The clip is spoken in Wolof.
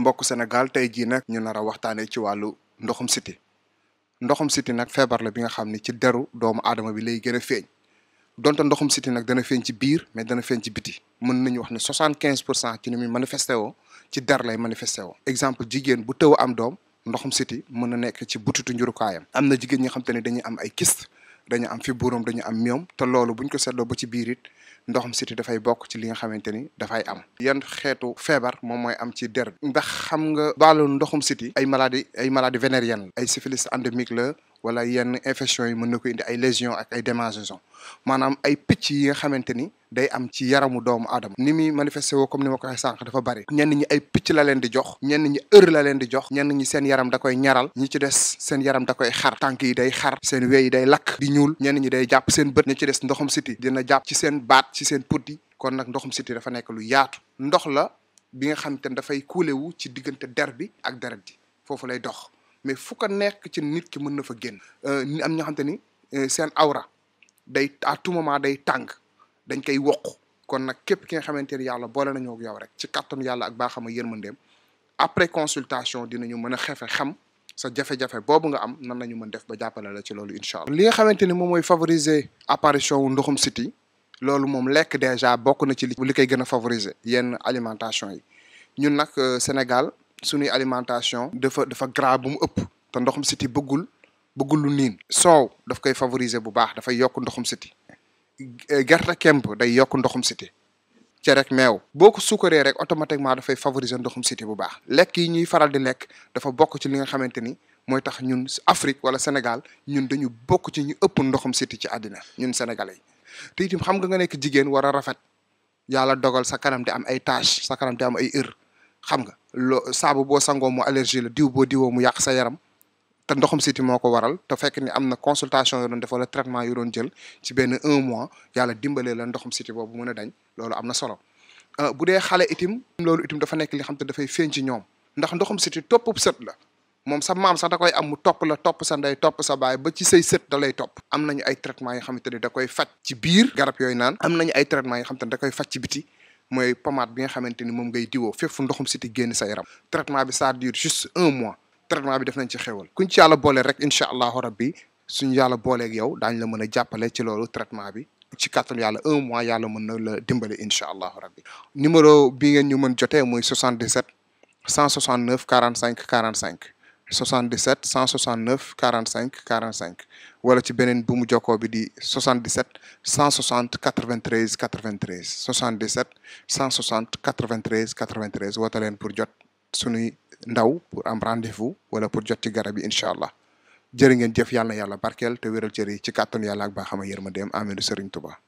mbokk Sénégal tey jii nag ñu nar a waxtaanee ci wàllu ndoxum siti ndoxum siti nag feebar la bi nga xam ni ci deru doomu aadama bi lay gën a feeñ donte ndoxum siti nag a feeñ ci biir mais dana feeñ ci biti mën nañu wax ne soixante quinze pour cent ci nu muy manifesté woo ci der lay manifesté woo exemple jigéen bu tëw am doom ndoxum siti mën na nekk ci butitu njurukaayam am na jigéen ñi xam te ne dañuy am ay kyste dañu am fi dañu am ñoom te loolu buñ ko seetloo ba ci biir it ndoxum siti dafay bokk ci li nga xamante ni dafay am yan xeetu feebar moom mooy am ci der ndax xam nga baalu ndoxum siti ay maladie ay maladie ay syphilis endémique la wala yenn infection yi mën na ko indi ay lésions ak ay démangeaisons maanaam ay picc yi nga xamante ni day am ci yaramu doomu aadama ni muy manifesté woo comme ni ko waxee sànq dafa bari ñenn ñi ay picc la leen di jox ñenn ñi heure la leen di jox ñenn ñi seen yaram da koy ñaral ñi ci des seen yaram da koy xar tànk yi day xar seen wey yi day lakk di ñuul ñenn ñi day jàpp seen bët ñi ci des ndoxum siti dina jàpp ci seen baat ci seen put yi kon nag ndoxum siti dafa nekk lu yaatu ndox la bi nga xamante ni dafay kuule wu ci diggante der bi ak deret ji foofu lay dox mais fu ko nekk ci nit ki mën na fa génn. ñu euh, am ñoo xamante ni euh, seen awra day à tout moment day tàng dañ koy wokk kon nag képp ki nga xamante ni yàlla boole na ak yow rek ci kàttanu yàlla ak baaxam ak yërmandeem après consultation dinañu mën a xefe xam sa jafe-jafe boobu nga am nan nañu mën def ba jàppale la ci loolu incha li nga xamante ni moom oy favoriser apparition wu ndoxum siti loolu moom lekk déjà bokk na ci li koy gën a favoriser yenn alimentation yi ñun nag euh, Sénégal. sunuy alimentation dafa dafa gras bu mu ëpp te ndoxum siti bëggul bëggul lu niin soow daf koy favoriser bu baax dafay yokk ndoxum siti eh, gerte kemp day yokk ndoxum siti ce rek meew boo ko suukaree rek automatiquement dafay favoriser ndoxum siti bu baax lekk yi ñuy faral di lekk dafa bokk ci li nga xamante ni mooy tax ñun Afrique wala Sénégal ñun dañu bokk ci ñu ëpp ndoxum siti ci àddina ñun sénégalais yi te itam xam nga nga nekk jigéen war a rafet yàlla dogal sa kanam di am ay tache sa am ay ër xam nga lo saabu boo sangoo mu allergie la diw boo diwoo mu yàq sa yaram te ndoxum siti moo ko waral te fekk ni am na consultation yoo doon def wala traitement yu doon jël ci benn un mois yàlla dimbalee la ndoxum siti boobu mën a dañ loolu am na solo euh, bu dee xale itim loolu itim dafa nekk li xam te dafay feeñ ci ñoom ndax ndoxum siti toppub sët la moom sa maam sax da koy am mu topp la topp sa ndey topp sa baay ba ci say sët da lay topp am nañu ay traitement yoo xamante ni da koy faj ci biir garab yooyu naan am nañu ay traitement yoo xamante ni da koy faj ci biti mooy pommade bi nga xamante ni moom ngay diwoo fépp fu si siti génn sa yaram traitement bi ça dure juste un mois traitement bi def nañ ci xewal kuñ ci yàlla boole rek incha allahu rabbi suñu yàlla booleek yow daañ la mën a jàppale ci loolu traitement bi ci kàttan yàlla un mois yàlla mën na dimbali dimbale incha allahu rabbi numéro bi ngeen ñu mën jotee mooy 77 169 45 45 77 169 45 45 wala ci beneen bu mu jokkoo bi di 77 160 93 93 77 160 93 93 woote leen pour jot suñuy ndaw pour am rendez-vous wala pour jot ci garab yi incha allah jërë ngeen jëf yàlla yàlla barkeel te wéral cër yi ci kàttanu yàlla ak ma yërmandeem amiin Serigne Touba.